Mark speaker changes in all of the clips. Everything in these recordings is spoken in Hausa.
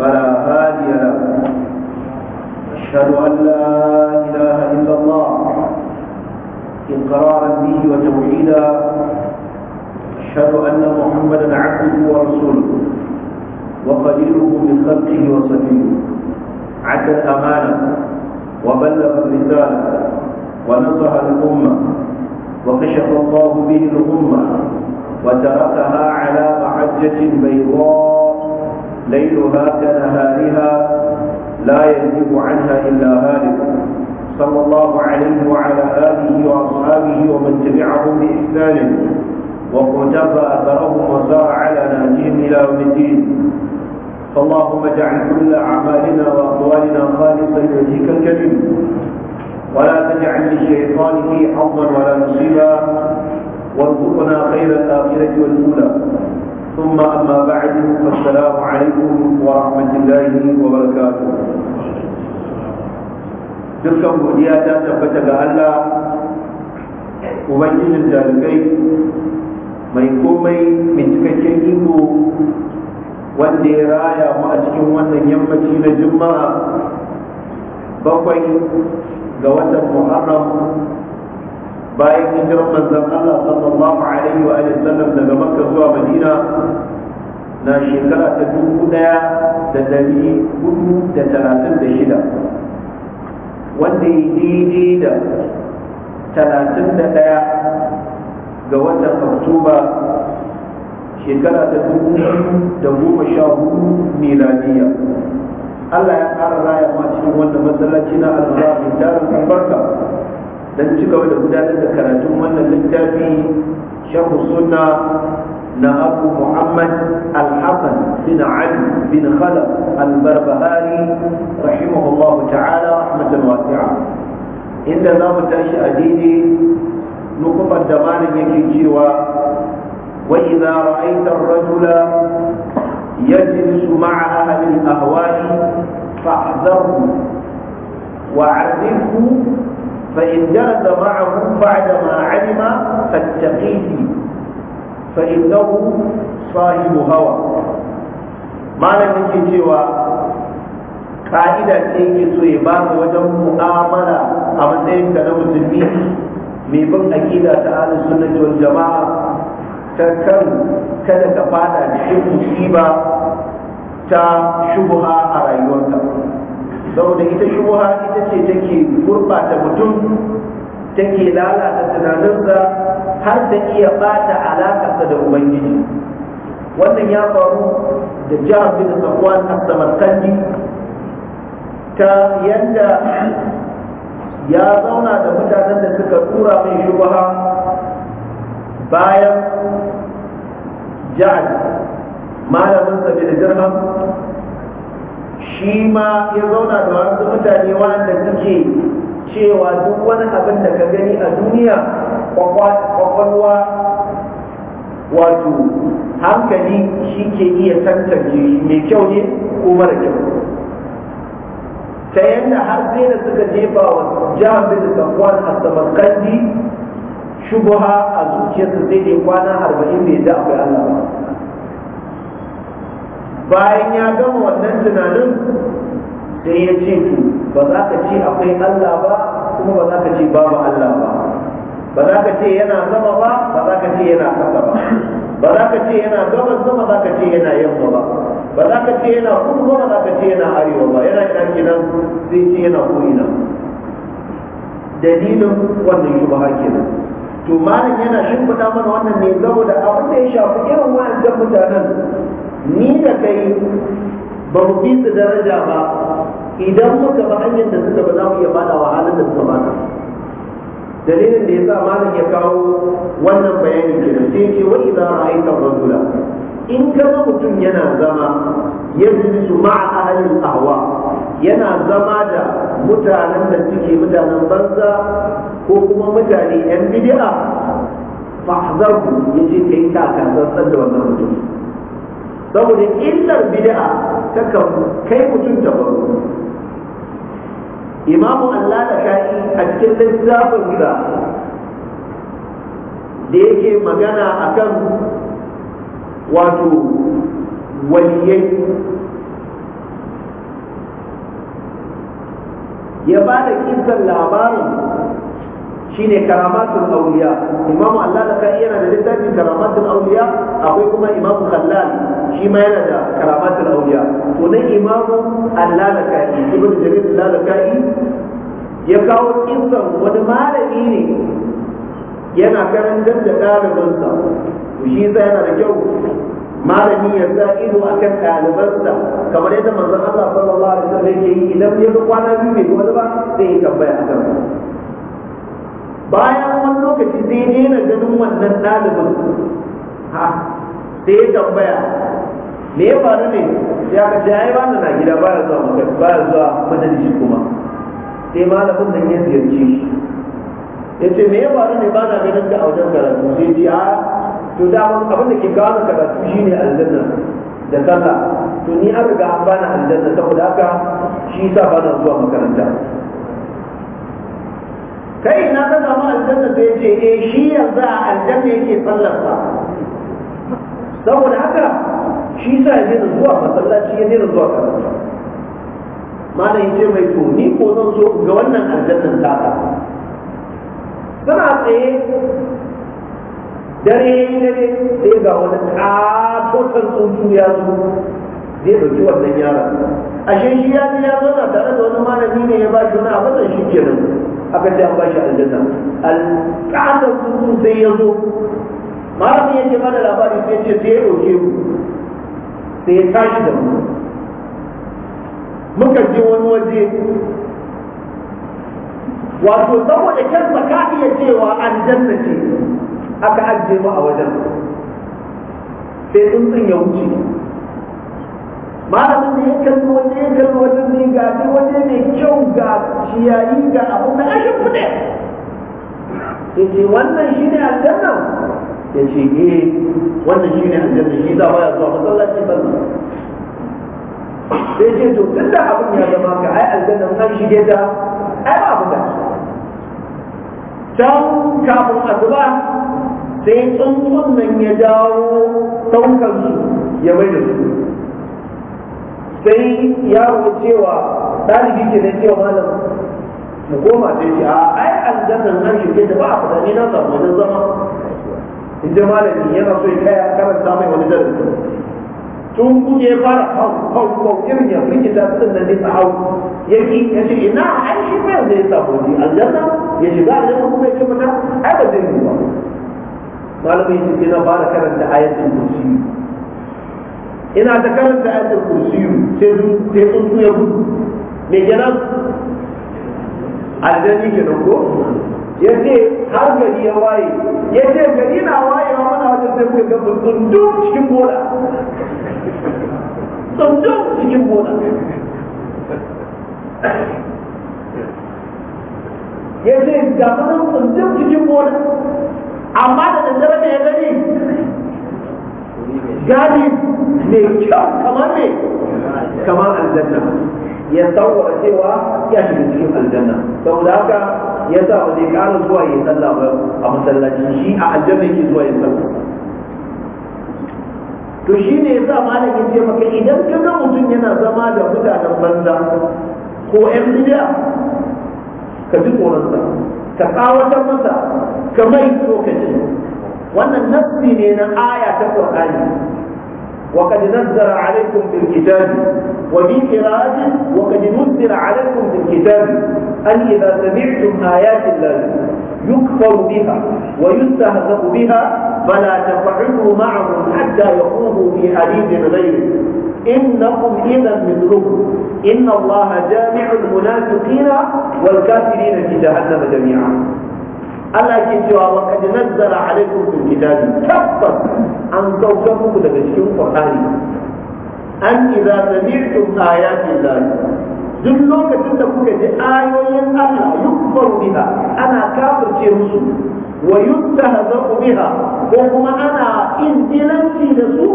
Speaker 1: فلا هادي له أشهد أن لا إله إلا الله إقرارا به وتوحيدا أشهد أن محمدا عبده ورسوله وقليله من خلقه وصفيه عد الأمانة وبلغ الرسالة ونصح الأمة وكشف الله به الأمة وتركها على محجة بيضاء ليلها كنهارها لا يذهب عنها إلا هالك صلى الله عليه وعلى آله وأصحابه ومن تبعهم بإحسان وقتفى أثرهم وسار على نهجهم إلى يوم الدين فاللهم اجعل كل أعمالنا وأقوالنا خالصا لوجهك الكريم ولا تجعل للشيطان في حظا ولا نصيبا وارزقنا خير الآخرة والأولى ثم أما بعد فالسلام عليكم ورحمة الله وبركاته dukkan godiya ta tabbata ga Allah ubangijin jalibai mai komai mai cikakken iko wanda ya raya mu a cikin wannan yammaci na juma'a bakwai ga watan muharram bayan hijirar manzon Allah sallallahu alaihi wa alihi sallam daga Makka zuwa Madina na shekara ta dubu daya da dari hudu da talatin da shida wanda ya daidai da talatin da daya ga watan Oktoba shekara ta dubu da goma sha hudu miladiya Allah ya ƙara raya ma cikin wanda masallaci na alwala mai tarin albarka dan ci gaba da gudanar da karatun wannan littafi shahu sunna na abu muhammad al hasan bin ali bin khalaf al-barbahari rahimahullah ta'ala rahmatan wasi'a inda za mu tashi a daidai nukumar da malam yake cewa wa idza وإذا رأيت الرجل يجلس مع أهل الأهواء فاحذره وعرفه فإن جلس معه بعدما علم فاتقيه فإنه صاحب هوى ما لم يكن سوى ƙa'ida ce ke so ya ba wajen mu'amala a matsayin ka na musulmi mai bin aƙida ta ahlus sunnati wal jama'a ta kan kada ka fada cikin ba ta shubha a rayuwarka saboda ita shubha ita ce take gurbata mutum take lalata tunaninsa har ta iya bata alakarsa da ubangiji wannan ya faru da jihar bin safwan a samarkandi ta yadda ya zauna da mutanen da suka tura mai shubha bayan jihar malamin sabi da jirham shi ma ya zauna da wasu mutane waɗanda suke cewa duk wani abin da ka gani a duniya kwakwalwa wato hankali shi ke iya tantance mai kyau ne ko mara kyau ta yadda har sai da suka jefa wa jihar bin safwan a samarkandi shubuha a zuciyarsa zai ne kwana arba'in bai da akwai allah bayan ya gama wannan tunanin sai ya ce to ba za ka ce akwai Allah ba kuma ba za ka ce babu Allah ba ba za ka ce yana sama ba ba za ka ce yana ƙasa ba ba za ka ce yana gaba ba ba za ka ce yana yamma ba ba za ka ce yana kudu ba ba za ka ce yana arewa ba yana ina kenan sai ce yana ko'ina dalilin wannan ba kenan to malam yana shimfiɗa mana wannan ne saboda abin da ya shafi irin wa'ancan mutanen ni da kai ba mu fi su daraja ba idan muka ba hanyar da suka ba za mu iya bada wahalar da suka bada dalilin da ya sa malam ya kawo wannan bayani ke da sai ce wani za a aika rajula in kama mutum yana zama ya su ma'a ahalin ahwa yana zama da mutanen da suke mutanen banza ko kuma mutane yan bid'a fa'zarku yace kai ka kasar da wannan mutum saboda illar bid'a ta kan kai mutum ta baro imamu Allah da sha'i a cikin littafin da da yake magana akan wato waliyai ya ba da kisan labarin shine karamatul awliya imamu Allah da kai yana da littafin karamatul awliya akwai kuma imamu khallal shi ma yana da karamatul awliya to nan imamu Allah da kai ibnu jarir Allah da kai ya kawo kisan wani malami ne yana karantar da ɗalibansa to shi yana da kyau malami ya sa ido a kan ɗalibansa kamar yadda manzon Allah sallallahu alaihi wasallam yake yi idan ya kwana biyu bai wani ba sai ya tambaya a bayan wani lokaci zai nuna ganin wannan ɗalibin ha sai ya tambaya me ya faru ne ya ka ce ai bana na gida baya zuwa maka baya zuwa shi kuma sai malamin nan ya ziyarci shi ya ce me ya faru ne bana ganin ka a wajen karatu sai ce a to da abin da ke kawo karatu shine aljanna da sallah to ni an riga an bana aljanna saboda haka shi yasa bana zuwa makaranta kai na ka zama aljanna da ya ce eh shi yanzu a aljanna yake sallarsa saboda haka shi sa ya daina zuwa masallaci ya daina zuwa karatu mana ya ce mai to ni ko zan so ga wannan aljannan taka Suna tsaye dare dare sai ga wani katotan tsuntsu ya zo zai ɗauki wannan yaron ashe shi ya ji ya na tare da wani malami ne ya ba shi wani abin da shi kenan aka ce an ba bashi aljanna alƙadar tutu sai ya zo malamin ya ce mana labari sai ce sai ya ɗauke mu sai ya tashi da mu muka je wani waje wato saboda kyansa ka iya cewa aljanna ce aka ajiye mu a wajen sai tsuntsun ya wuce malamin da ya kalli waje ya kalli waje ne ga ne waje mai kyau ga ciyayi ga abu mai
Speaker 2: ashin kuɗi ya ce wannan shi ne aljanna
Speaker 1: ya ce eh wannan shi ne aljanna shi za baya zuwa masallaci sallah sai ce to tun da abin ya zama ka ai aljanna an shige ta ai ba abu da can kafin zuba, sai tsuntsun nan ya dawo ɗaukar su ya mai da su sai yaro cewa ɗalibi ke na cewa malam mu koma sai ce a ai an zanen an shirke da ba a fada ni na samu wani zama in ji malami yana so ya kaya karanta mai wani darasi tun kuke fara hau hau hau irin ya kita sun da nisa hau ya ki ya ce ina ai shi ba yanzu ya samu ni aljanna ya a zama kuma ya ce ai ba zai yi ba malami ya ce na fara karanta ayatun kursi ina ta karanta ayatul kursiyu sai sai tsuntsu ya gudu me kenan aljanni kenan ko ya ce har gari ya waye ya ce gari na waye wayewa mana wajen sai kuka gaba tsundum cikin bola tsundum cikin bola ya ce gaba nan tsundum cikin bola amma da daddare da ya gani gani mai kyau kamar ne kama aljanna ya sauwa cewa ya shiga cikin aljanna da haka ya sa ba zai ƙara zuwa ya sallah ba a masallaci shi a aljanna yake zuwa ya sallah to shi ne ya sa malamin ce maka idan ka ga mutum yana zama da mutanen banza ko 'yan bidiya ka ji koransa ka tsawatar masa ka mai tsokaci wannan nassi ne na aya ta qur'ani وقد نزل عليكم بالكتاب وفي قراءة وقد نزل عليكم بالكتاب أن إذا سمعتم آيات الله يكفر بها ويستهزأ بها فلا تفعلوا معهم حتى يقولوا في حديث غيره إنكم إذا مثلكم إن الله جامع المنافقين والكافرين في جهنم جميعا Allah ke cewa wa kad nazzara alaikum fil kitabi tabbas an saukar muku daga cikin qur'ani an idza sami'tum ayati llahi duk lokacin da kuka ji ayoyin Allah yukfaru biha ana kafirce musu wa yustahza'u biha ko kuma ana injilanci da su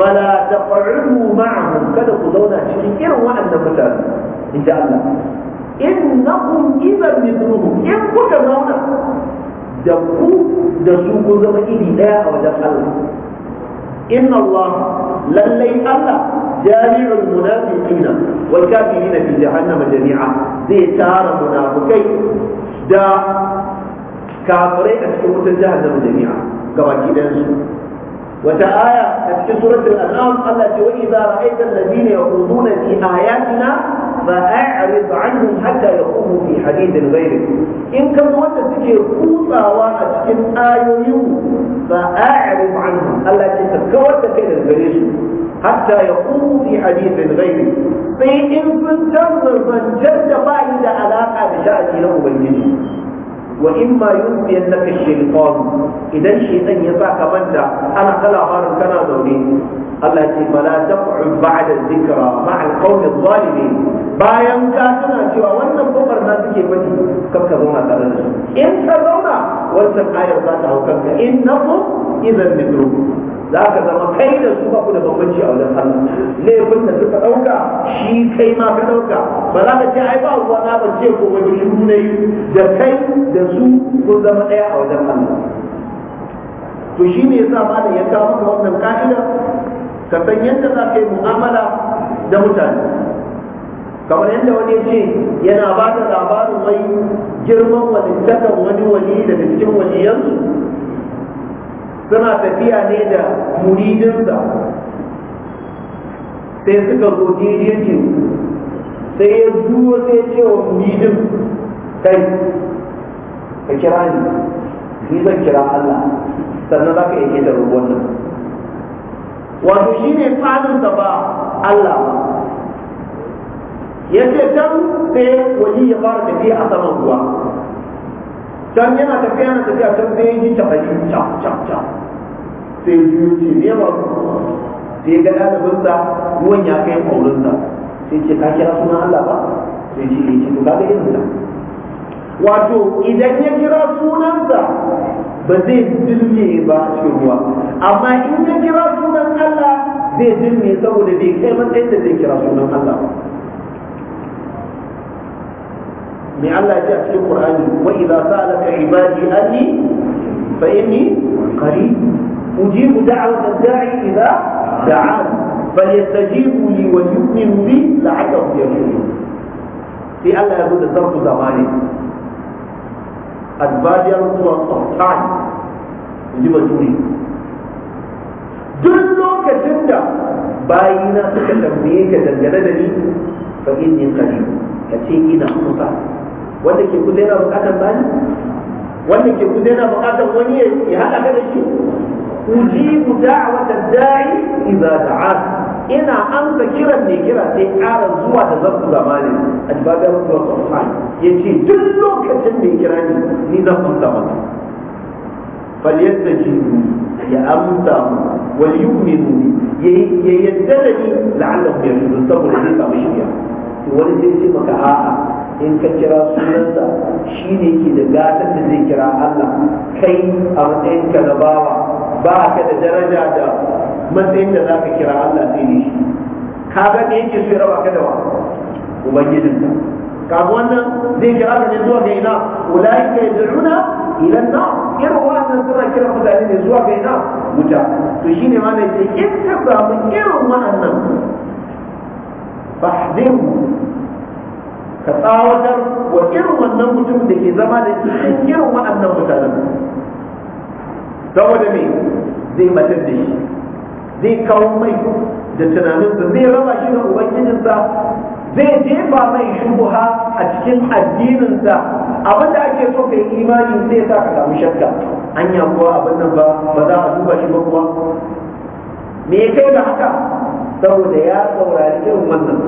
Speaker 1: fala taq'udu ma'ahum kada ku zauna cikin irin waɗannan mutane insha Allah In na innakum idan mithluhum in
Speaker 2: kuka zauna
Speaker 1: da ku da su ku zama iri daya a wajen Allah inna Allah lallai Allah jami'ul munafiqina wal kafirina fi jahannama jami'a zai tara munafikai da kafirai a cikin wutar jahannama jami'a gabaki ɗayan su wata aya a cikin suratul an'am Allah ce wa idza ra'aita alladhina yaquduna fi ayatina فأعرض عنهم حتى يقوموا في حديث غيرك إن كان وانا تجي قوطا واحد تجي آيونيو فأعرض عنهم ألا تتكوت كده الغريش حتى يقوموا في حديث غيرك فإن كنت تنظر من فائدة علاقة بشأن له بالجنه wa in ma yunfiyan naka shaytan idan shaytan ya saka manta ana ta labarin kana zaune Allah ya ce fala taq'ud ba'da dhikra ma'a al-qawmi adh-dhalimin bayan ka tana cewa wannan kofar na suke fadi kar ka zauna tare da su in ka zauna wancan ayar za ta hau kanka innakum idan mithlukum za ka zama kai da su ba ku da bambanci a wajen Allah kun da suka ɗauka shi kai ma ka ɗauka ba za ka ce ai ba ruwa na ban ce ko wani shiru ne, da kai da su kun zama ɗaya a wajen Allah to shi ne yasa ma da yanka maka wannan ka'ida ka san yadda za ka yi mu'amala da mutane kamar yadda wani ya ce yana ba da labarin mai girman walittakan wani wali daga cikin waliyansu suna tafiya ne da muridinsa sai suka zo daidai ce sai ya zuwa sai ce wa muridin kai ka kira ni ni zan kira Allah sannan za ka iya ke da ruwan nan wato shi ne faninsa ba Allah ba ya ce can sai wani ya fara tafiya a saman ruwa can yana tafiya na tafiya can sai ya yi cafali cap cap sai biyu ce ne ba sai ga ɗalibinsa ruwan ya kai ƙaurinsa sai ce ka kira sunan Allah ba sai ce ya eh, ce to kaga irin wato idan ya kira sunansa ba zai dirne ba a cikin ruwa amma in ya kira sunan Allah zai dirne saboda bai kai matsayin da zai kira sunan Allah ba mai Allah ya ce a cikin Qur'ani wa idza sa'alaka ibadi anni fa inni qarib أجيب دعوة الداعي إذا دعان فليستجيبوا لي وليؤمنوا بي لعلهم يرشدون في ألا يكون الظرف زماني البادية هو الصحتان يجيب الجوري duk lokacin da bayina suka tambaye ka dangane da ni fa inni qarib ka ce ina kusa wanda wanda ke ya haɗa shi ujibu da'wata da'i idza da'at ina amsa kiran mai kira sai ƙara zuwa da zafi zamanin ajibabiyar rasu ya ce duk lokacin mai kira ni ni zan amsa masa yadda da أمتى وليؤمنوا يدلني لعلهم saboda zai الذي shirya. wani sai ce maka a'a in ka kira sunansa shi ne ke da gatar da zai kira Allah kai a matsayin ka na bawa ba ka da daraja da matsayin da za ka kira Allah sai ne shi ka ga da yake so ya raba ka da wa ubangijinka kaga wannan zai kira ka ne zuwa ga ina ulaika yad'una ila an-nar irin wannan suna kira mutane ne zuwa ga ina wuta to shi ne ma ne ce in ka samu irin wannan fahdiru ka tsawatar wa irin wannan mutum da ke zama da cikin irin waɗannan mutanen saboda me zai matar da shi zai kawo mai da tunaninsa zai raba shi da ubangijinsa zai jefa mai shubuha a cikin addininsa abin da ake so kai imani zai sa ka samu shakka anya kuwa abin nan ba ba za a duba shi ba kuwa me kai da haka saboda ya saurari irin wannan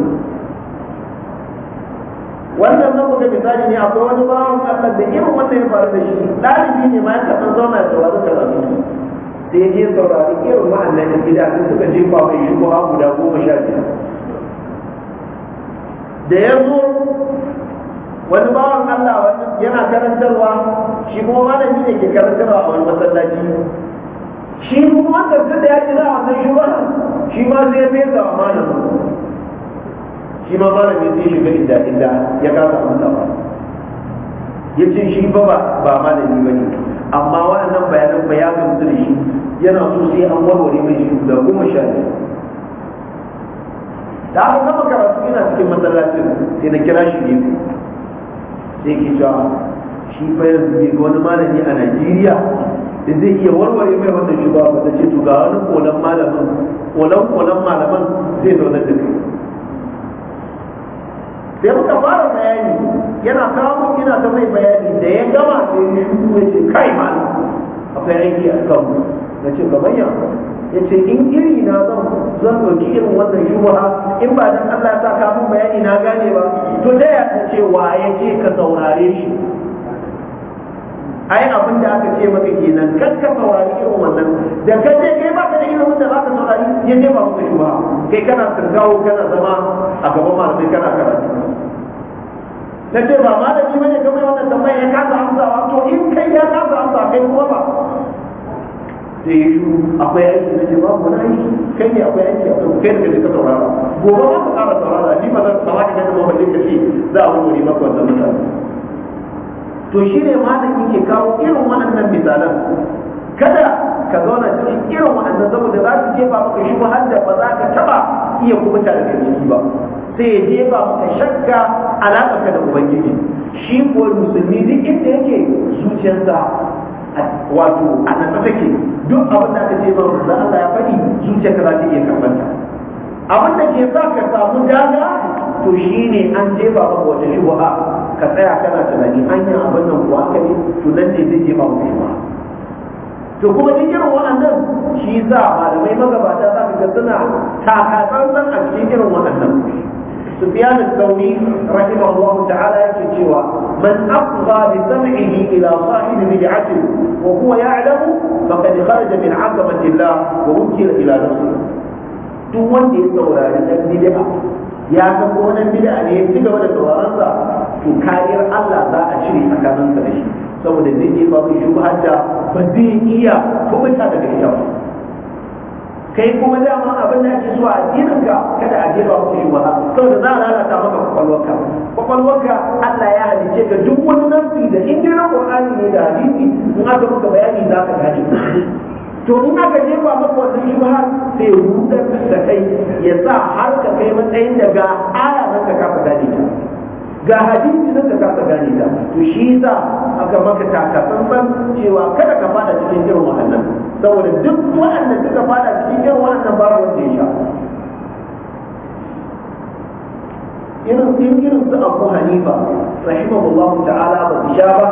Speaker 1: wannan zan muka misali ne akwai wani bawan Allah da irin wannan ya faru da shi ɗalibi ne ma ka san zauna saurari karatu sai je saurari irin ma'annan da gida sun suka jefa mai shubuha guda goma sha biyar da ya zo wani bawan Allah yana karantarwa shi kuma malami ne ke karantarwa a wani masallaci shi kuma wanda duk da ya ji za a wannan shubuha shi ma zai fesa wa malamin shi ma malami sai shiga inda inda ya kasa amsa ba ya ce shi ba ba malami ba ne amma waɗannan bayanan ba ya gamsu da shi yana so sai an warware mai shi da goma sha biyu da aka gama karatu yana cikin masallacin sai na kira shi ne sai ke cewa shi fa yanzu ne ga wani malami a najeriya da zai iya warware mai wannan shugaba da ce to ga wani kolan malamin kolan kolan malaman zai zaunar da kai sai muka fara bayani yana kawo yana ta mai bayani da ya gama da ya yi ya ce kai ma akwai aiki a kan na ce kamar ya ya ce in iri na zan zan ɗauki irin wannan shubuha in ba dan Allah ya sa kafin bayani na gane ba to da ya ce wa ya ce ka saurare shi ai abin da aka ce maka kenan kan ka saurari irin wannan da ka je kai ba ka da ilimin da zaka saurari ya je ba muku ba kai kana sirgawo kana zama a gaban malamai kana karatu na ce ba malami bane ka mai wannan tambaya ya kasa amsawa to in kai ya kasa amsa kai kuma ba sai ya yi akwai aiki na ce ba mu na aiki kai ne akwai aiki akwai kai da kai ka saurara gobe ba ka kara saurara ni ba zan saurara ka ga da mabalin ka ce za a wuri maka wannan mutane to shi ne malamin ke kawo irin waɗannan misalan kada ka zauna cikin irin waɗannan saboda za su jefa maka shi har da ba za ka taɓa iya kubuta daga ciki ba sai ya jefa maka shakka alaƙarka da ubangiji shi ko musulmi duk inda yake zuciyarsa wato a nan take duk abin da aka ce ba za Allah ya faɗi zuciyarka za ta iya karbanta abin da ke sa ka samu daga to shi ne an jefa maka wata shubha ka tsaya kana tunani hanyar abin nan kuwa haka ne to nan ne zai je ba mutum ba to kuma duk irin waɗannan shi za malamai magabata za ka suna taka takatsantsan a cikin irin waɗannan سفيان الثوري رحمه الله تعالى يكتشف من أقضى بسمعه إلى صاحب بدعته وهو يعلم فقد خرج من عقبة الله ووكل إلى نفسه duk wanda ya saurari dan ya san ko wannan bid'a ne ya ci gaba da sauraron sa to kariyar Allah za a cire tsakanin sa da shi saboda zai je babu shubhar da ba zai iya ta daga ita ba kai kuma dama abin da ake so a addininka ka kada a jefa maka shubha saboda za a lalata maka kwakwalwarka kwakwalwarka Allah ya halice ka duk wani nafi da in dai Qur'ani ne da hadisi in aka maka bayani za ka gane to in aka jefa maka wannan shubhar sai rudar da kai ya sa har ka kai matsayin da ga aya nan ka kafa gane ta ga hadisi nan ka kafa gane ta to shi sa aka maka takatsantsan cewa kada ka fada cikin irin wahannan saboda duk waɗanda suka fada cikin irin wannan babu wanda ya sha irin irin su Abu Hanifa rahimahullahu ta'ala ba su sha ba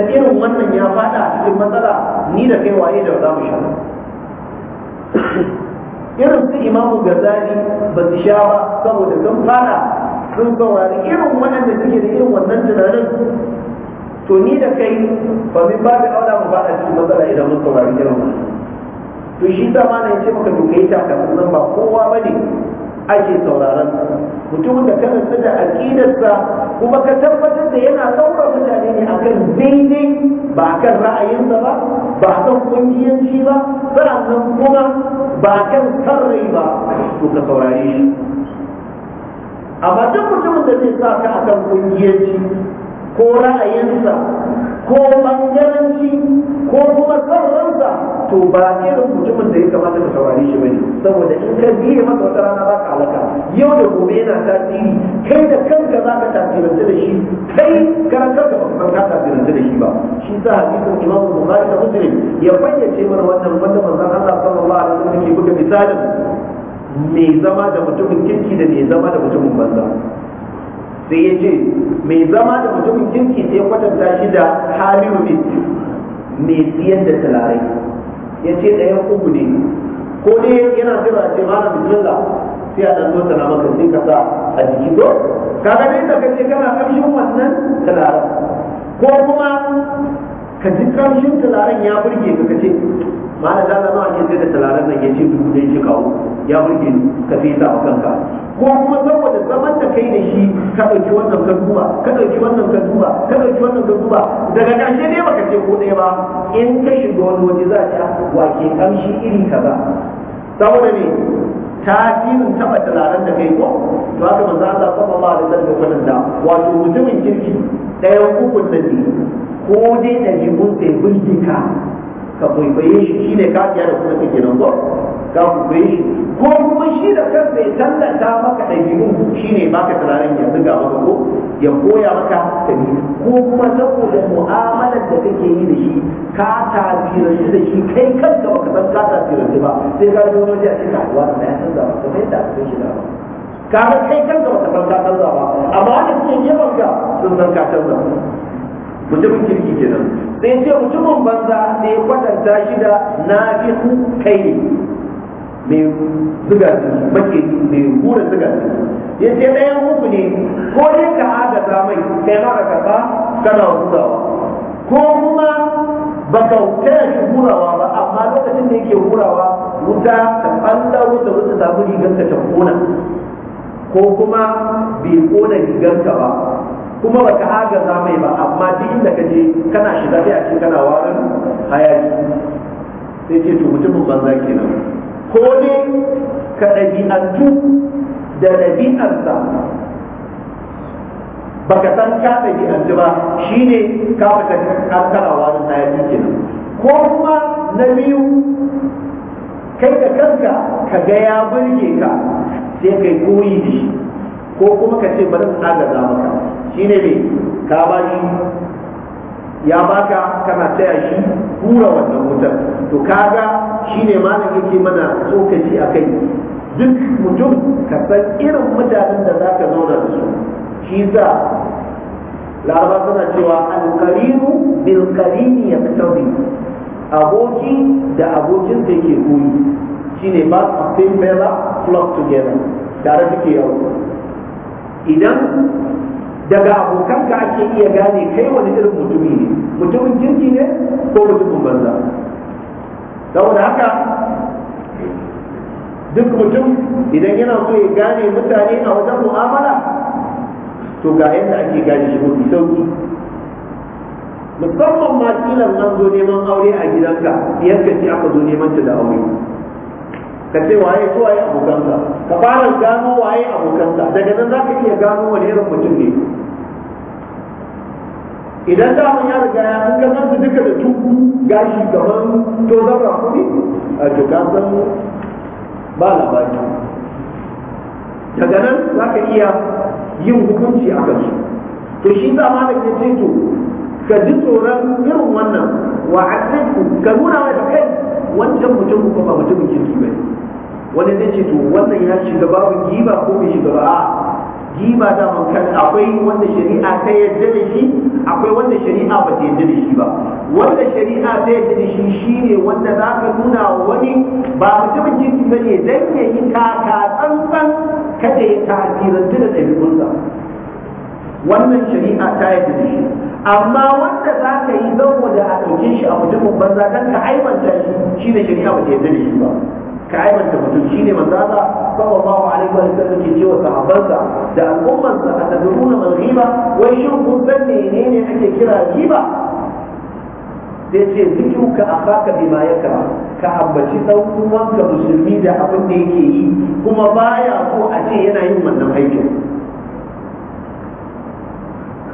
Speaker 1: da irin wannan ya fada a cikin matsala ni da kai waye da za mu sha irin su imamu gazali ba su sha ba saboda sun fara sun saurari irin waɗanda suke da irin wannan tunanin to ni da kai ba mu ba da aula mu fada cikin matsala idan mun saurari irin wannan to shi zamanin ya ce maka to kai nan ba kowa bane ake sauraron mutumin da karanta da aƙidarsa kuma ka tabbatar da yana saura mutane ne akan daidai ba kan ra'ayinsa ba ba akan kungiyanci ba sannan kuma ba kan sarrai ba to ka saurare shi amma duk mutumin da zai sa ka akan kungiyanci ko ra'ayinsa ko bangaranci ko kuma sarransa to ba irin mutumin da ya kamata ka saurari shi bane saboda in ka biye masa wata rana za ka halaka yau da gobe yana tasiri kai da kanka za ka tasirantu da shi kai karantar da ba ka tasirantu da shi ba shi sa hadisin imamu Bukhari da Muslim ya fayyace mana wannan wanda manzon Allah sallallahu alaihi wasallam yake buga misalin mai zama da mutumin kirki da mai zama da mutumin banza sai ya ce mai zama da mutumin jinki sai kwatanta shi da hamilu miski mai siyar da talarai ya ce 'yan uku ne ko dai yana jira ce mana bismillah sai a ɗan dosana maka sai ka sa a jiki ko kaga dai da kace kana ƙarshen wannan talaran ko kuma ka ji kamshin talaran ya burge ka kace mana da a ke sai da talaran nan ya ce dubu dai shi kawo ya burge ka fesa wa kanka ko kuma saboda zaman da kai da shi ka ɗauki wannan ka duba ka ɗauki wannan ka duba ka ɗauki wannan ka duba daga ƙarshe dai baka ce ko ɗaya ba in ka shiga wani waje za ka wake kamshi iri kaza saboda ne tasirin taɓa tunanin da kai ko to haka manzo Allah sallallahu alaihi wasallam ya kwatanta wato mutumin kirki ɗayan ukun nan ne ko dai ɗabi'un sai burge ka ka baibaye shi shi ne ka da kuma kake nan ba ka baibaye shi ko kuma shi da kan bai tallata maka ɗabi'u shi ne baka tunanin yanzu ga maka ko ya koya maka ɗabi'u ko kuma saboda mu'amalar da kake yi da shi ka shi da shi kai kanka baka san ka shi ba sai ka zo waje a cikin rayuwa da ya canza ba kuma yadda aka shi da ba ka kai kanka baka san ka canza ba amma wanda suke gefen ka sun san ka canza mutumin kirki kenan sai ce mutumin banza ne kwatanta shi da nafihu kai mai zuga mace mai hura zuga ya ce ɗayan uku ne ko dai ka agaza mai kai ma ka karɓa kana hurawa ko kuma ba ka kaya shi hurawa ba amma lokacin da yake hurawa wuta ta ɓangaro wuta wuta ta rigar ka ta kona ko kuma bai kona rigar ka ba kuma baka agaza mai ba amma duk inda kaje kana shiga sai a ce kana warin hayaki sai ce to mutumin banza kenan ko ne ka ɗabi'antu da ɗabi'arsa baka san ka ɗabi'antu ba shine ka baka kana warin hayaki kenan ko kuma na biyu kai da kanka ka ga ya burge ka sai kai koyi da shi ko kuma ka ce bari in agaza maka shine ne ka ba shi ya baka kana taya shi hura wannan wutar to kaga shine malam yake mana tsokaci a kai duk mutum ka san irin mutanen da za ka zauna da su shi za laraba suna cewa alkarinu bilkarini ya aboki da abokin da yake koyi shine ba a fi bela flock together tare suke yau idan daga abokanka ake iya gane kai wani irin mutumi ne mutumin kirki ne ko mutumin banza saboda haka duk mutum idan yana so ya gane mutane a wajen mu'amala to ga yadda ake gane shi mafi sauki musamman ma kilan an zo neman aure a gidanka yanka ce aka zo neman ta da aure ka ce waye ko waye abokanka ka fara gano waye abokanka daga nan za ka iya gano wani irin mutum ne idan daman ya riga ya an kasar su duka da tuku gashi kamar to zabra kuɗi a tuka san ba labari daga nan za ka iya yin hukunci a kan kansu to shi za ma da ke ce to ka ji tsoron irin wannan wa ku? ka nuna wa da kai wancan mutum ko ba mutumin kirki ba wani zai ce to wannan ya shiga babu giba ko bai shiga ba giba da mankan akwai wanda shari'a ta yadda da shi akwai wanda shari'a ba ta yadda da shi ba wanda shari'a ta yadda da shi shi ne wanda za ka nuna wani ba mutumin kirki ba ne don ya yi taka tsantsan kada ya tasirantu da ɗabi'unsa wannan shari'a ta yadda da shi amma wanda za ka yi zango da a ɗauke shi a mutumin banza don ka aibanta shi shi ne shari'a ba ta yadda da shi ba ka aibanta mutum shine manzo Allah sallallahu alaihi wa sallam ke cewa sahabbansa da al'ummarsa a taduruna mal ghiba wai shin kun san menene ake kira ghiba sai ce zikiru ka akaka bima yakra ka ambaci dan uwanka musulmi da abin da yake yi kuma baya so a ce yana yin wannan aikin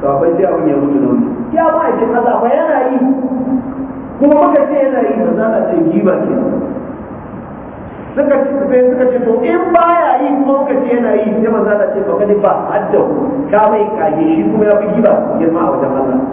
Speaker 1: sahabbai sai abin ya mutu nan ya ma'aikin Allah ba yana yi kuma muka ce yana yi ba za a ce giba kenan suka sai suka ce to in baya yi ko ka ce yana yi sai manzo Allah ce baka ni ba hadda ka mai kage shi kuma ya fi giba girma a wajen Allah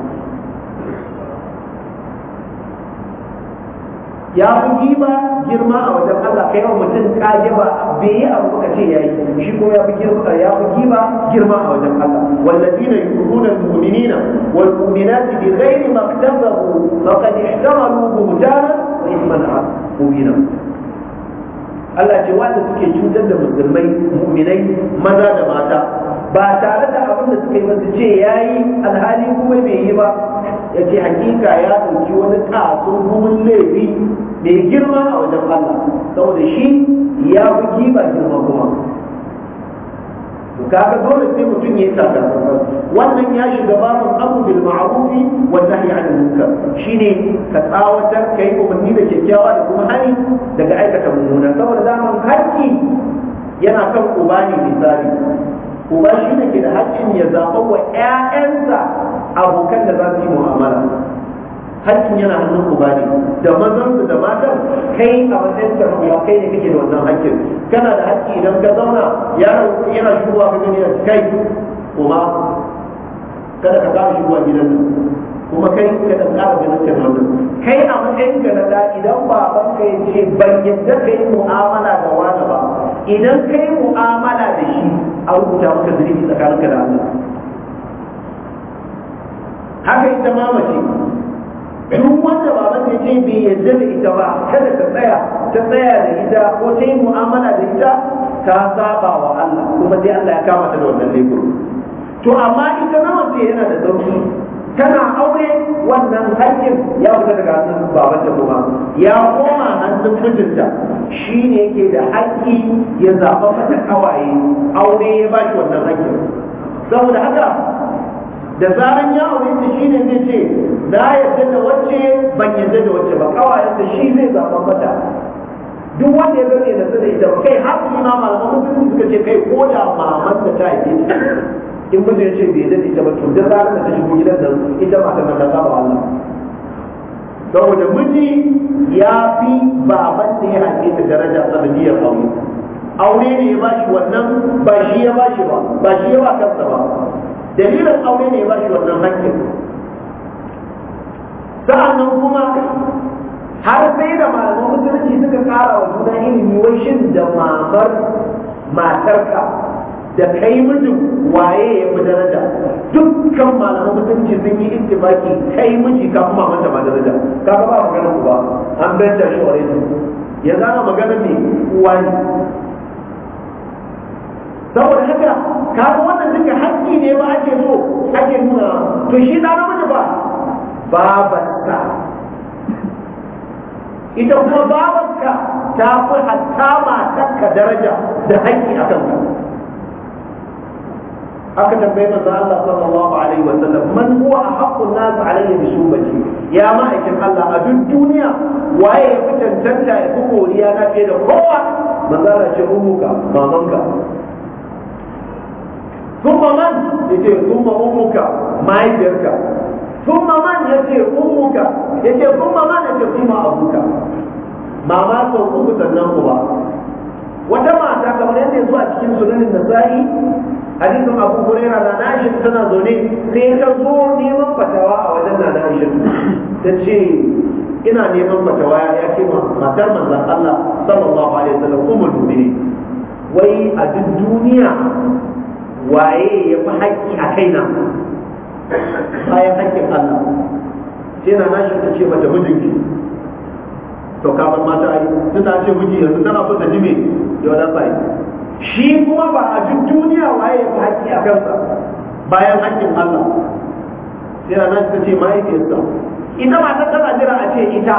Speaker 1: ya fi giba girma a wajen Allah kai wa mutum kage ba bai yi abu ka ce yayi shi kuma ya fi girma ya fi giba girma a wajen Allah wallazina yu'minuna al-mu'minina wal mu'minati bi ghairi ma iktasabu faqad ihtamalu buhtanan wa ithman mubina Allah ce wanda suke cutar da musulmai mu'minai maza da mata ba tare da abin da suka yi masu ce yayi alhali kuma bai yi ba ya ce hakika ya ɗauki wani ƙasun gumin laifi mai girma a wajen Allah saboda shi ya fi kiba girma kuma to kaga dole sai mutum ya yi tsada wannan ya shiga babin abu bil ma'rufi wa nahyi anil munkar shine ka tsawatar kai umarni da kyakkyawa da kuma hani daga aikata mummuna saboda zaman haƙƙi yana kan uba ne misali uba shi ne ke da haƙƙin ya zaɓa wa ƴaƴansa abokan da za su yi mu'amala haƙƙin yana hannun uba ne da mazansu da matan kai a matsayin kai ne kake da wannan haƙƙin kana da haƙƙi idan ka zauna yaro yana shigowa ka gani kai kuma kada ka kama shigowa gidan nan kuma kai ka dan ƙara ganin ta wannan kai a matsayin ka na idan baban ka ya ce ban yadda ka yi mu'amala da wani ba idan ka yi mu'amala da shi a rubuta maka zurfi ka da Allah haka ita mamace duk wanda baban ya ce bai yarda da ita ba kada ta tsaya ta tsaya da ita ko ta yi mu'amala da ita ta saba wa Allah kuma dai Allah ya kama ta da wannan laifin to amma ita na mace yana da sauki tana aure wannan hakkin ya fita daga hannun baban ta kuma ya koma hannun mijinta shi ne yake da haƙƙi ya zaɓa mata kawaye aure ya ba shi wannan hakkin saboda haka da zaran ya aure ta shi ne zai ce na yadda da wacce ban yadda da wacce ba kawayen da shi zai zama mata duk wanda ya zane da zai ita kai har su na malaman musulmi suka ce kai ko da malaman da ta yi in mutum ya ce bai yadda ita ba to da zaran da ta shigo gidan da ita mata nan ta saba Allah saboda miji ya fi baban da ya haife ta daraja sanadiyar aure aure ne ya bashi wannan ba shi ya bashi ba ba shi ya ba kansa ba dalilin aure ne ba shi wannan hakkin sa'annan kuma har sai da malaman musulunci suka kara wa juna ilimi wai shin da mamar matarka da kai mijin waye ya fi daraja dukkan malaman musulunci sun yi intibaki kai miji kafin mamar da ba daraja ka ba magana ku ba an bayyana shi wani already ya zama magana ne uwa ne saboda haka ka suka haƙƙi ne ba ake so ake nuna to shi na namiji ba babarsa ita kuma babarka ta fi hatta matarka daraja da haƙƙi a kanka aka tambayi manzo Allah sallallahu alaihi wa sallam man huwa ahaqqu an-nas alayhi bi shubati ya ma'aikin Allah a duk duniya waye ya fi tantanta ya fi koriya na fiye da kowa manzo Allah ce ummuka mamanka thumma man yace thumma ummuka mahaifiyarka thumma man yace ummuka yace thumma man yace thumma abuka mama sau uku sannan uba wata mata kamar yadda yanzu a cikin sunanin nasa'i hadisin abu huraira na nashi tana zaune sai ta zo neman fatawa a wajen na nashi ta ce ina neman fatawa ya ke matar manzan Allah sallallahu alaihi wasallam ummul wai a duk duniya waye ya fi haƙƙi a kaina bayan haƙƙin Allah sai na nashi ta ce mata mijinki to kamar mata ai tun ta ce miji yanzu tana so ta ji me ya wadatsai shi kuma ba a duk duniya waye ya fi haƙƙi a kansa bayan haƙƙin Allah sai na nashi ta ce
Speaker 2: mahaifiyarsa
Speaker 1: ita ma ta tana jira a ce ita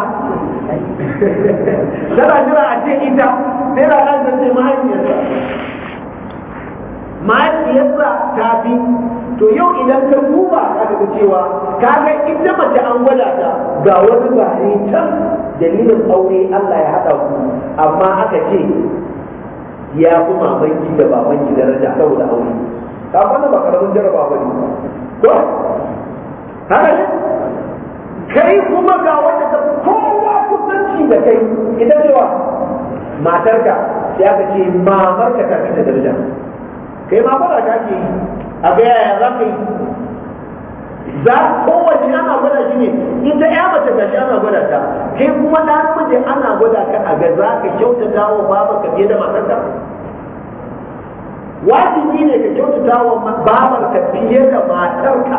Speaker 2: tana jira a ce
Speaker 1: ita sai na nashi ta ce mahaifiyarsa mahaifiyarsa ta fi to yau idan ka duba ka daga cewa ka ga ita mace an gwada ta ga wani gari can dalilin aure Allah ya haɗa ku amma aka ce ya fi mamanki da babanki daraja saboda aure ka kwana ba karamin jaraba ba ne ko haka ne kai kuma ga wanda ta kowa kusanci da kai ita cewa matarka ya ka ce mamarka ta fi da daraja kai ma fara ka ke a ga yaya za ka yi za kowanne ana gwada shi ne ita ya mace ga shi ana gwada ta kai kuma ɗan miji ana gwada ka a ga za ka kyauta dawo babar ka fiye da matarka wajibi ne ka kyauta dawo babar ka fiye da matarka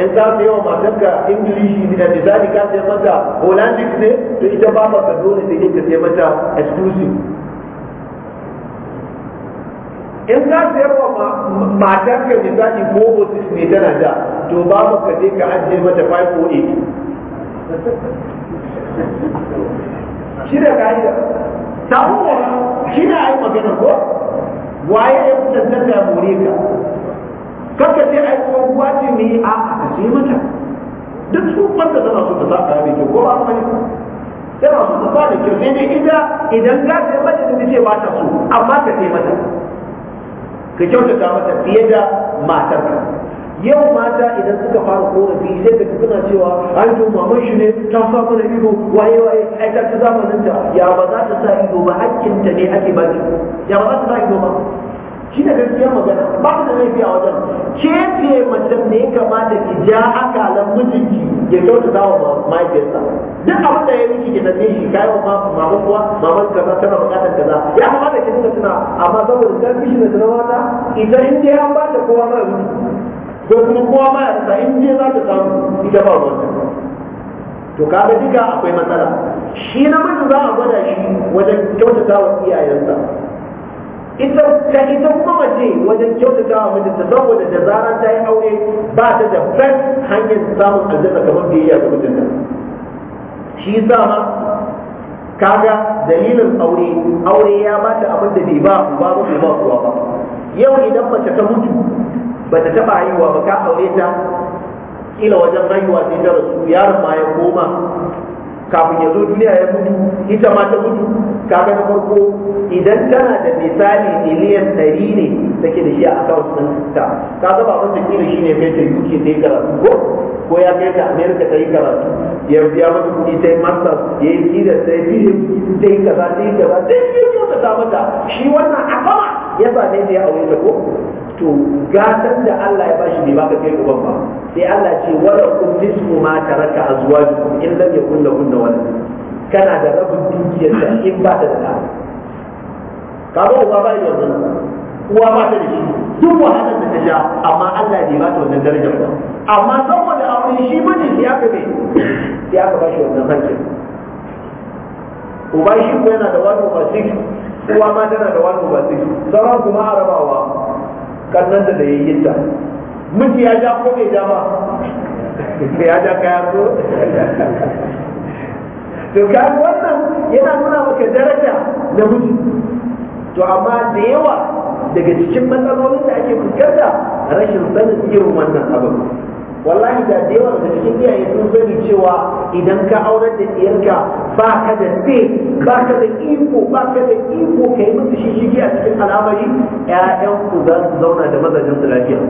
Speaker 1: in za ka yi wa matarka ingilishi da misali ka sai mata holandic ne to ita babar ka dole sai ka sai mata exclusive in za su yi wa matar ka ne za ki ko otis ne tana da to ba mu ka je ka ajiye mata 508 shi da ka'ida sabon wa shi na yi magana ko waye ya fi tantanta da more ka kakka ce a yi kowa ce mai a ka sai mata duk su wanda tana su ta sa ka kyau, ko ba mu ne Sai masu ta sa da kyau sai dai idan za su yi mata ta ce ba ta so amma ka ce mata
Speaker 2: ka kyautata mata fiye da matar
Speaker 1: yau mata idan suka fara korafi sai ka suna cewa an to maman shi ne ta sa mana ido waye waye ai ta ci zamanin ta ya ba za ta sa ido ba hakkin ta ne ake ba ya ba za ta sa ido ba shi ne gaskiyar magana ba ku da laifi a wajen ke ce mace ne kamata ki ja akalan mijinki ya kyautata wa mahaifiyarsa duk abin da ya yi miki ki ne shi kai wa mama kuwa maman kaza tana bukatar kaza ya kamata ki dinga tuna amma saboda karfi shi ne tana wata, ita in dai an ba ta kowa ma ko kuma kowa ma ya rasa in dai za ta samu ita ba wata to kaga duka akwai matsala shi na namiji za a gwada shi wajen kyautata wa iyayensa ita ta ita kuma mace wajen kyautata wa mijinta saboda da zara ta yi aure ba ta da fes hanyar samun aljanna kamar biyayya ga mijinta shi yasa ma kaga dalilin aure aure ya ba ta abin da bai ba uba ba ba ba yau idan mace ta mutu ba ta taba haihuwa ba ka aure ta kila wajen haihuwa sai ta rasu yaron ma ya koma kafin ya zo duniya ya mutu ita ma ta mutu kaga na farko idan tana da misali miliyan ɗari ne ke da shi a account ɗin ta ka ba wanda kila shi ne kai ta UK ta yi karatu ko ko ya kai ta America ta yi karatu ya biya mata kuɗi ta yi masters ya yi kira ta yi filim ta yi kaza ta yi kaza ta yi kyauta ta mata shi wannan a sama ya sa ne ya aure ta ko to gatan da Allah ya bashi bai baka kai uban ba sai Allah ce wala kun nisfu ma taraka azwajukum in lam yakun lahunna walad kana da rabin dukiyar da in ba ta da ta ka ba uba ba yi wannan uwa ba ta da shi duk wahalar da ta sha amma Allah bai ba ta wannan darajar ba amma saboda aure shi bane sai aka bai sai aka ba shi wannan hancin uba shi ko yana da wani uba six uwa ma tana da wani uba six sauran kuma a rabawa kannan da da yayyinta miji ya ja ko bai ja ba ya ja kayan ko to ka wannan yana nuna maka daraja na mutu to amma da yawa daga cikin matsalolin da ake fuskanta rashin sanin irin wannan abin wallahi da da yawa daga cikin iyaye sun sani cewa idan ka aurar da diyarka ba ka da sai ba ka da iko ba ka da iko ka yi musu shishigi a cikin al'amari ƴaƴan ku za su zauna da mazajen su lafiya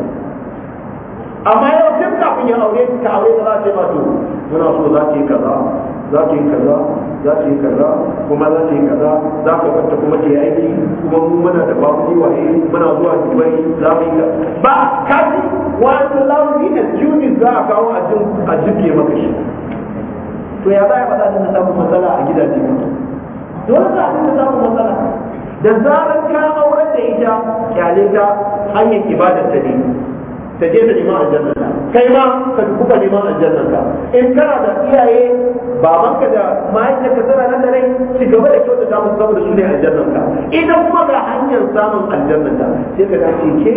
Speaker 1: amma yau duk kafin ya aure ka aure da za ta yi mato muna so za ta yi kaza za ta yi kaza za ta yi kaza kuma za ta yi kaza za ka kwanta kuma ta yi aiki kuma mu muna da babu waye muna zuwa dubai za mu yi ba kaji wani lauri da junis za a kawo a jirgin maka shi to ya za a faɗa da samun matsala a gidaje ba? dole za a dinga samun matsala da zarar ka aurar da ita kyale ta hanyar ibadar ta ne ta je da jama'a aljanna kai ma ka buga neman aljannan ka in kana da iyaye babanka da ka tana nan da rai ci gaba da kyautata musu saboda su ne aljannan ka idan kuma ga hanyar samun aljannan ka sai ka dace ke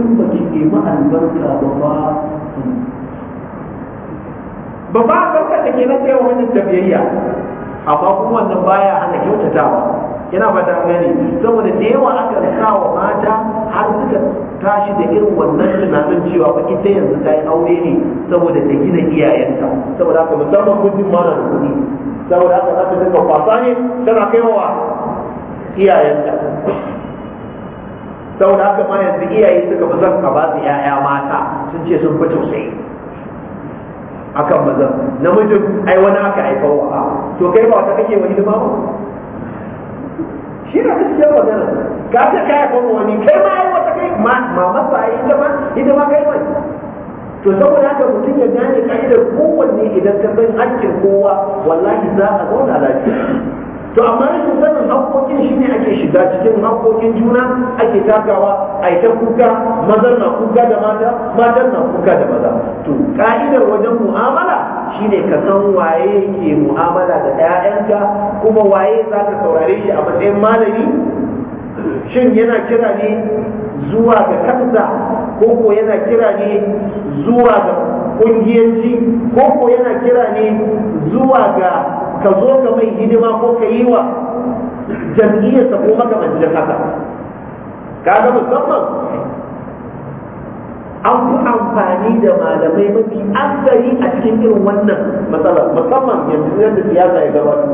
Speaker 1: in ba ki nemi albarka ba ba ba ba barka da ke na tsaye wajen tafiyayya amma kuma wannan baya hana kyautatawa yana fata gani saboda da yawa aka sawa mata har suka tashi da irin wannan tunanin cewa ba ita yanzu ta yi aure ne saboda ta gina iyayenta saboda haka musamman gudun mara da kuɗi saboda haka za ta dinga kwasa ne tana wa iyayenta saboda haka ma yanzu iyaye suka fi son ka ba su 'ya'ya mata sun ce sun fi tausayi akan mazan namijin ai wani aka wa to kai ba wata kake wani hidima ba shi ne gaskiya magana ka ta kaya kuma wani kai ma ai wata kai ma mama ba ita ma ita ma kai wani to saboda haka mutum ya gane ka'idar kowanne idan ka san hakkin kowa wallahi za a zauna lafiya to amma rashin sanin haƙoƙin shine ake shiga cikin haƙoƙin juna ake takawa a ta kuka mazan na kuka da mata matan na kuka da maza to ka'idar wajen mu'amala shine ka san waye ke mu'amala da 'ya'yanka kuma waye za ka saurare shi a matsayin malami shin yana kira ne zuwa ga kansa ko yana kira ne zuwa ga kungiyanci ko ko yana kira ne zuwa ga ka zo ka mai hidima ko ka yi wa jam'iyyarsa ko makamancin haka ga musamman an fi amfani da malamai mafi akari a cikin irin wannan matsala. musamman yanzu yadda siyasa ya gabata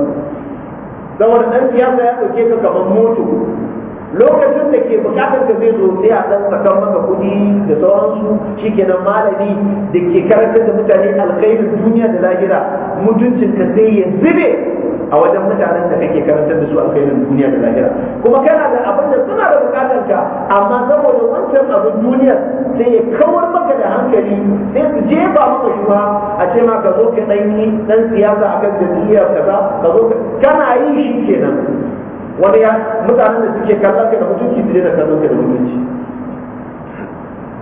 Speaker 1: da ɗan siyasa ya ɗauke ka kamar moto lokacin da ke bukatar ka zai zo sai a dan sakan maka kuɗi da sauransu kenan malami da ke karantar da mutane alkhairin duniya da lahira mutuncin ka sai ya zube a wajen mutanen da kake karantar da su alkhairin duniya da lahira kuma kana da abin da suna da bukatar ka amma saboda wancan abin duniyar sai ya kawar maka da hankali sai su jefa maka shuha a ce ma ka zo ka dan yi dan siyasa akan jam'iyyar kaza ka zo kana yi shi kenan wani ya mutanen da suke kallon ka da mutunci su daina kallon ka da mutunci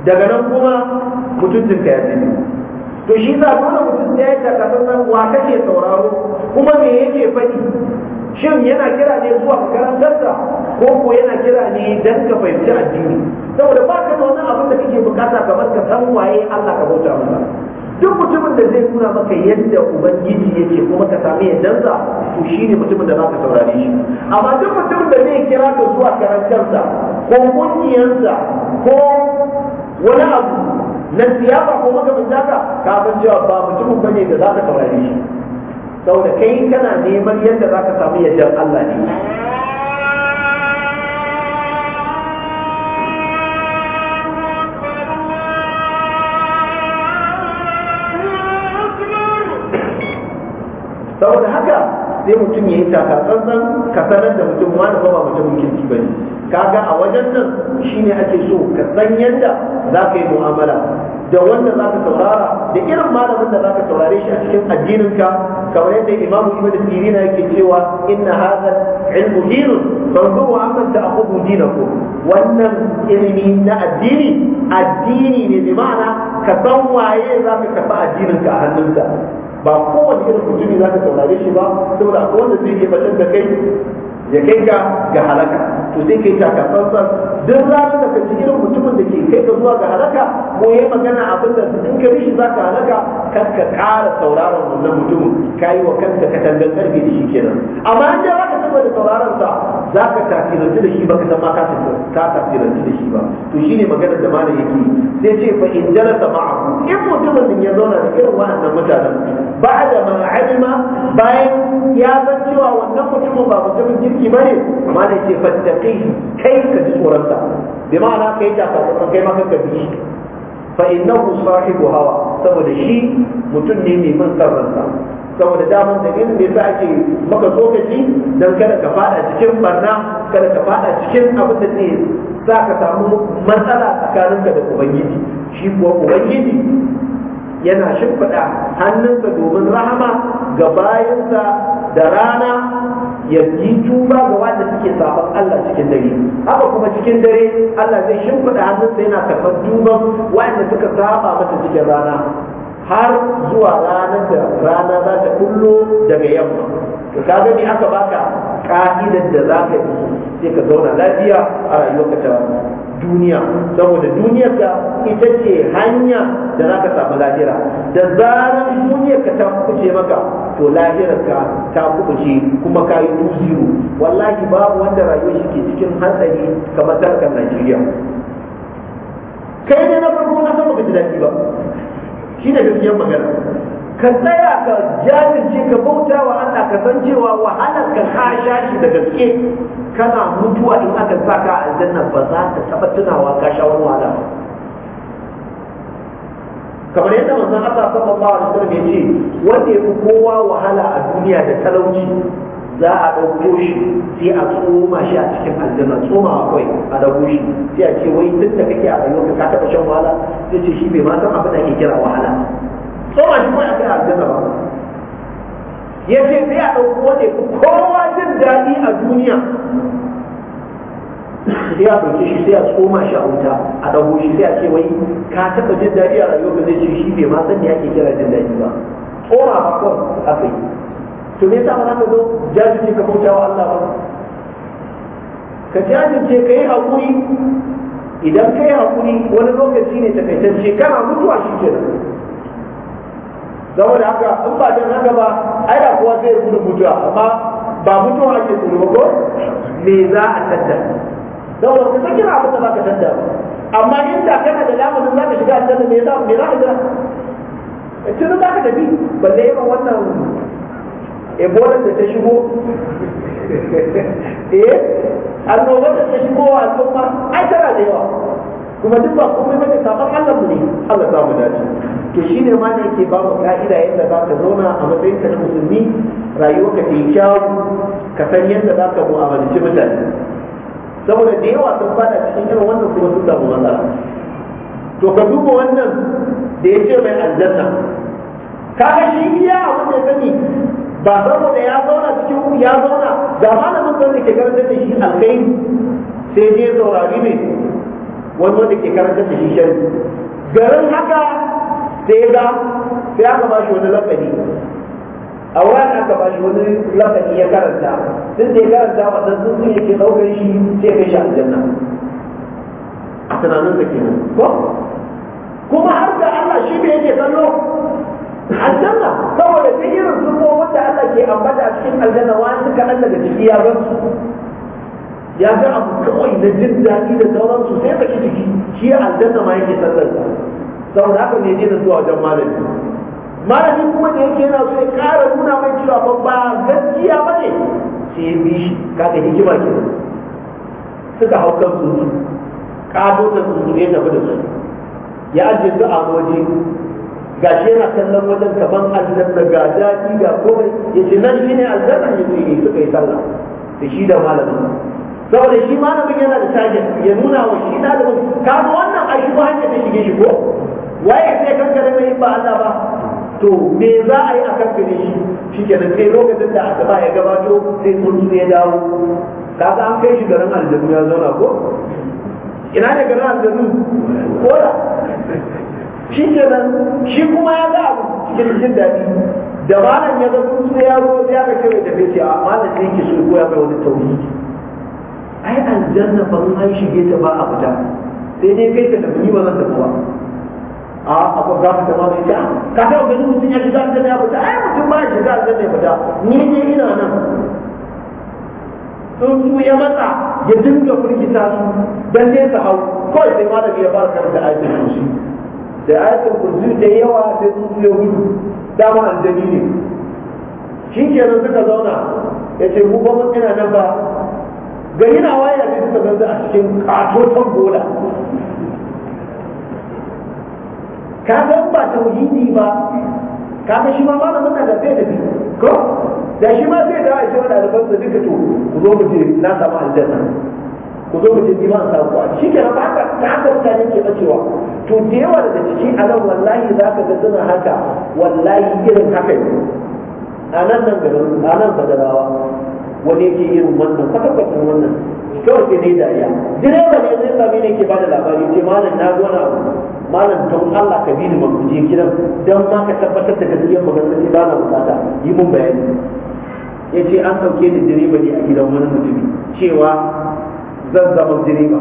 Speaker 1: daga nan kuma mutuncinka ya zai to shi za dole mutum da yadda ka san wa kake sauraro kuma me yake faɗi shin yana kira ne zuwa makarantarsa ko ko yana kira ne don ka fahimci addini saboda ba ka da wani abin da kake bukata kamar ka san waye Allah ka bauta masa duk mutumin da zai nuna maka yadda ubangiji yake kuma ka sami yaddansa to shine mutumin da zaka saurare shi amma duk mutumin da zai kira ka zuwa karantarsa ko kungiyarsa ko wani abu na siyasa ko makamin ka, kafin cewa ba mutumin ba ne da za ka taurari shi saboda kai kana neman yadda za ka samu yadda Allah ne saboda haka sai mutum ya yi taka ka sanar da mutum wani ba mutumin kirki ba ne kaga a wajen nan shine ake so ka san yadda za ka yi mu'amala da wanda za ka saurara da irin malamin da za ka saurare shi a cikin addininka kamar yadda imamu ibn sirina yake cewa inna hadha ilmu dinun fanzuru amman ta'khudhu dinakum wannan ilimi na addini addini ne bi ma'ana ka san waye za ka kafa addininka a hannunka ba kowane irin mutumi za ka saurare shi ba saboda akwai wanda zai ke bacin da kai ya kai ka ga halaka to sai kai ta ka tsantsan duk ranar da ka ci irin mutumin da ke kai ka zuwa ga halaka ko yayi magana abin da in ka rishi za ka halaka kar ka kara sauraron wannan mutumin ka yi wa kanka katangar karfe da shi kenan amma gaba da sauraron sa za ka tasirantu da shi ba ka zama ka tasirantu da shi ba to shine maganar da malam yake sai ce fa in jalasa ma'ahu in mutumin ya zauna da irin wa'annan mutanen ba'da ma alima bayan ya san cewa wannan mutumin ba mutumin kirki bane malam ce fattaqi kai ka ji tsoron sa bi ma'ana kai ta ka kai maka ka bi fa innahu sahibu hawa saboda shi mutum ne mai man sarransa saboda damar da me sa ake maka tsokaci don kada ka fada cikin barna kada ka fada cikin abin da za ka samu matsala tsakaninka da ubangiji shi kuwa ubangiji yana shimfiɗa hannunsa domin rahama ga bayansa da rana ya yi tuba ga wanda suke sabon Allah cikin dare haka kuma cikin dare Allah zai shimfiɗa hannunsa yana karɓar tuban wanda suka saba masa cikin rana har zuwa ranar da rana za ta kullo daga yamma to ka gani aka baka ka'idar da za ka yi sai ka zauna lafiya a rayuwarka ta duniya saboda duniyar ka ita ce hanya da za ka samu lahira da zarar duniyar ka ta kuce maka to lahirar ka ta kuce kuma ka yi dusiru wallahi babu wanda rayuwar shi ke cikin hatsari kamar sarkar Najeriya kai ne na farko na san ka ji daɗi ba shi ne gaskiyar magana ka tsaya ka jajirce ka bauta wa Allah ka san cewa wahalar ka ka shi da gaske kana mutuwa in aka sa ka a aljanna ba za ka taɓa tunawa ka sha wani wahala ba kamar yadda manzon Allah sallallahu alaihi wasallam ya ce wanda ya fi kowa wahala a duniya da talauci za a ɗauko shi sai a tsoma shi a cikin aljanna tsomawa kawai a ɗauko shi sai a ce wai duk da kake a rayuwarka ka taɓa shan wahala sai ce shi bai ma san abin da ake kira wahala tsoma shi kawai a kai aljanna ba ya ce sai a ɗauko wanda ku kowa jin daɗi a duniya sai a ɗauke shi sai a tsoma shi a wuta a ɗauko shi sai a ce wai ka taɓa jin daɗi a rayuwa rayuwarka zai ce shi bai ma san me ake kira jin daɗi ba tsoma ba kawai aka yi to me yasa ba za ka zo jajirce ka bauta wa Allah ba ka jajirce ka yi haƙuri idan ka yi haƙuri wani lokaci ne ta takaitacce kana mutuwa shi ke kenan saboda haka in ba don haka ba ai da kuwa zai gudu mutuwa amma ba mutuwa ake tsoro ba ko me za a tattara saboda ka san kira abin da za ka tattara amma inda kana da lamunin za ka shiga aljanna me za me za ka jira in za ka tafi balle yawan wannan ebola da ta shigo eh annoba da ta shigo a al'umma ai tana da yawa kuma duk ba komai bane sabon Allah mu ne Allah za mu dace to shine ma ne yake ba mu ka'ida yadda za ka zauna a matsayin ka na musulmi rayuwarka ka yi kyawu ka san yadda za ka mu'amalanci mutane saboda da yawa sun fada cikin irin wannan kuma sun samu matsala to ka duba wannan da ya ce mai aljanna kaga shi iya abin da ya sani ba saboda ya zauna cikin ya zauna ga malamin da ke karanta da shi alkai sai je saurari ne wani wanda ke karanta da shi shari garin haka sai ga sai aka ba shi wani lafazi a wani aka ba shi wani lafazi ya karanta sun da ya karanta wannan sun ya ke ɗaukar shi sai kai shi aljanna a tunanin da ke nan ko kuma har da Allah shi bai yake kallo
Speaker 2: aljanna saboda ta irin sufofin wanda Allah ke ambata cikin aljanna
Speaker 1: su kaɗan daga ciki ya gan su ya ga abu kawai na jin daɗi da sauransu sai saki ciki shi aljanna ma yake sallar saboda haka ne ne da zuwa wajen malami malami kuma da yake yana so ya ƙara nuna mai cewa ba ba gaskiya ba ne sai ya bi shi kaga hikima ke suka hau kan tsuntsu ƙado ta tsuntsu ne tafi da su ya ajiye su a waje ga shi yana kallon wajen kaman aljanna ga daɗi ga komai ya ce nan shi ne aljanna ne ce eh, suka yi sallah da shi da malamin saboda shi malamin yana da target ya nuna wa shi ɗalibin ga wannan a shi ba hanyar da shige shi ko waye sai kankare mai ba Allah ba to me za a yi a kankare shi shi kenan sai lokacin da aka ya gabato sai tsuntsu ya dawo ga an kai shi garin aljanna ya zauna ko ina ne garin aljanna ko da shi ke nan shi kuma ya ga abu cikin jin daɗi da malam ya ga kun ya zo ya ga kai da fice a malam sai yake so koya mai wani tauhidi ai aljanna ban an shige ta ba a fita sai dai kai ka tafi ni ba zan tafi ba a akwai za ka zama mai ta ka taɓa ganin mutum ya shiga aljanna ya fita ai mutum ba ya shiga aljanna ya fita ni ne ina nan tsuntsu ya matsa ya dinga firgita su dan sai su hau kawai sai malami ya fara karanta aikin kursi da ayatul kursi da yawa sai sun ya gudu dama aljani ne shi kenan suka zauna ya ce mu ba mun ina nan ba gari na waya sai suka zanzu a cikin katoton bola ka san ba ta tauhidi ba ka ga shi ma malamin da zai tafi ko da shi ma zai dawo aiki ce wa duka to ku zo mu je na samu aljanna ku zo mu je ni ma samu kuwa shi ke nan haka ta haka mutane ke bacewa to da yawa daga ciki a nan wallahi za ka ga suna haka wallahi irin haka ne a nan nan garin a nan badarawa wani yake irin wannan kwatankwatan wannan kawai ke dai dariya direba ne zai sami ne ke bada labari ce malam na zo na malam don Allah ka bi ni ban kuje gidan don ma ka tabbatar da gaskiyar maganar sai ba na bukata yi mun bayani ya ce an sauke ni direba ne a gidan wani mutumi cewa zan zama jini ba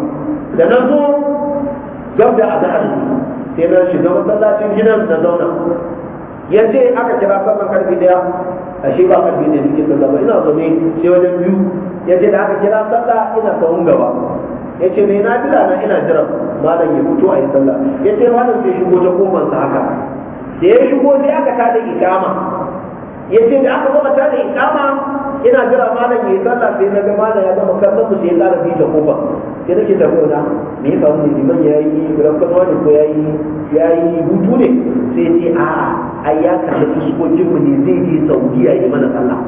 Speaker 1: da na zo gab da azahar sai na shiga masallacin gidan na zauna ya ce aka kira sallan karfi daya a shi ba karfi da nake sallah ba ina zaune sai wajen biyu ya ce da aka kira sallah ina sahun gaba ya ce mai na bila na ina jiran malam ya fito a yi sallah ya ce malam sai shigo ta komansa haka da ya shigo sai aka tada ikama ya ce da aka gama tada ikama ina jira malam yayi sallah sai na ga malam ya gama kallon mu sai ya tsara fita kofa sai nake da gona me ya faru ne liman yayi rakan wani ko ya yi hutu ne sai ce a ai ya kashe fuskokin mu ne zai je Saudiya yi mana sallah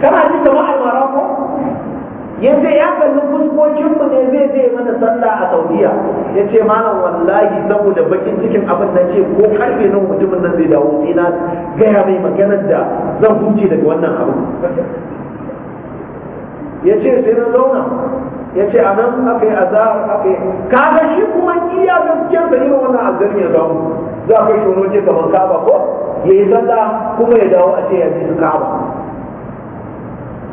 Speaker 1: kana ji jama'ar marako ya ce ya kalli mu ne zai zai mana sallah a saudiya ya ce malam wallahi saboda bakin cikin abin da ce ko karfe nan mutumin nan zai dawo sai na gaya mai maganar da zan huce daga wannan abin ya ce sai na zauna ya ce a nan aka yi a za a aka yi kaga shi kuma iya gaskiya da irin wannan azgari ya zamu za ka shi wani waje kamar kaba ko ya yi sallah kuma ya dawo a ce ya ji kaba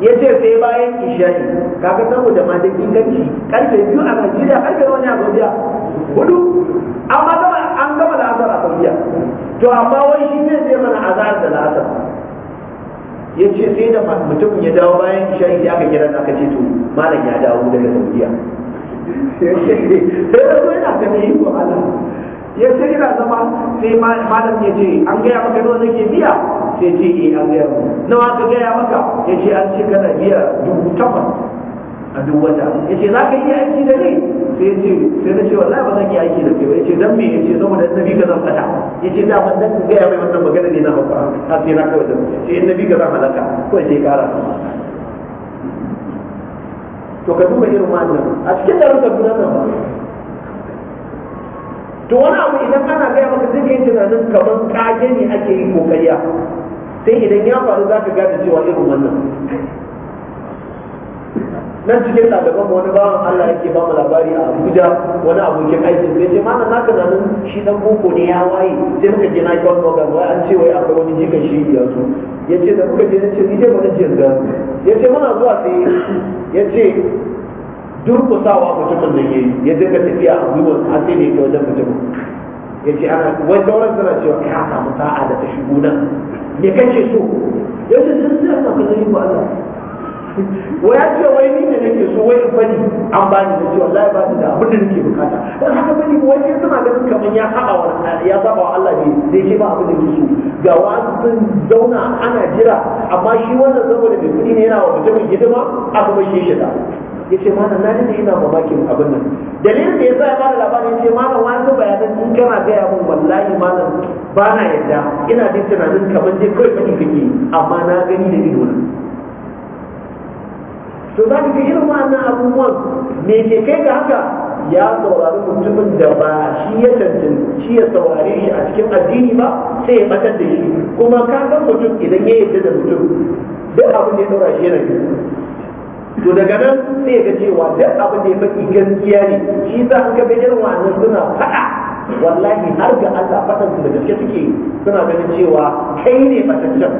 Speaker 1: ya ce sai bayan isha'i kaga saboda ma da inganci karfe biyu a Najeriya karfe wani a Saudiya hudu amma gama an gama da azar a Saudiya to amma wai shi zai zai mana azar da la'asar ya ce sai da mutum ya dawo bayan isha'i sai aka kira aka ce to malam ya dawo daga Saudiya sai da kuma yana tafiye ko Allah ya ce ina zama sai malam ya ce an gaya maka nawa nake biya sai ce eh an gaya mu nawa aka gaya maka ya ce an ce kana biya dubu takwas a duk wata ya ce za ka iya aiki da ne sai ya ce sai na ce wallahi ba zan iya aiki da kai ba ya ce dan me ya ce saboda annabi ka zan fata ya ce da ban dan ka gaya mai wannan magana ne na hauka har sai na kawai da sai annabi ka zan halaka ko sai kara to ka duba irin wannan a cikin da rubuta gudanar ba to wani abu idan ana gaya maka zai yi tunanin kamar kage ne ake yi ko kariya sai idan ya faru za ka gada cewa irin wannan nan cikin ɗaliban wani bawan Allah yake ba mu labari a Abuja wani abokin aikin sai ce mana naka na nan shi dan boko ne ya waye sai muka je na yi wani magana wai an ce wai akwai wani jikan shi ya zo ya ce da muka je na ce ni dai ba na ce ya ce muna zuwa sai ya ce durkusawa mutumin da ya yi ya dinga tafiya a gwiwar har sai da ya wajen mutumin ya ce ana wai sauran suna cewa ya samu sa'a da ta shigo nan me kace so ya ce sun sai ka kaza yi Allah wai ya ce wai ni ne nake so wai in bani an bani da cewa wallahi ba ni da abin da nake bukata dan haka bani wai sai suna ganin kamar ya saba wa ya saba wa Allah ne sai shi ba abin da yake so ga wa sun zauna ana jira amma shi wannan saboda bai kudi ne yana wa mutumin hidima aka bar shi shi da ya ce mana na ne ina mamakin abin nan dalilin da ya sa ya bada labarin ya ce mana wani bayanan in kana gaya mun wallahi malam ba na yadda ina jin tunanin kamar je kawai fadi kake amma na gani da ido na to za ka irin wannan abubuwan me ke kai ga haka ya saurari mutumin da ba shi ya cancanci ya saurare shi a cikin addini ba sai ya ɓatar da shi kuma ka san mutum idan ya yarda da mutum duk abin da ya daura shi yana biyu. to daga nan sai ga cewa duk abin da ya baki gaskiya ne shi za ka ga irin wannan suna faɗa wallahi har ga Allah faɗan su da gaske suke suna ganin cewa kai ne fataccen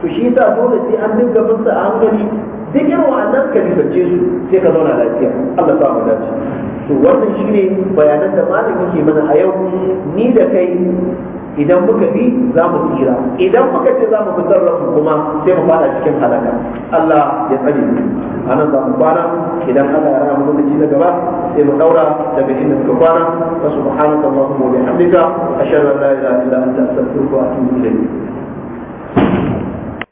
Speaker 1: to shi yasa dole sai an dinga bin su a hankali duk irin wannan ka bisance su sai ka zauna lafiya Allah ta mu dace to wannan shine bayanan da malamin ke mana a yau ni da kai idan muka bi za mu tsira idan muka ce za mu fi sarrafa kuma sai mu fada cikin halaka Allah ya tsare mu anan za mu kwana idan Allah ya rama lokaci na gaba sai mu daura daga inda muka kwana wa subhanaka allahumma wa bihamdika ashhadu an la ilaha illa anta astaghfiruka wa atubu ilayk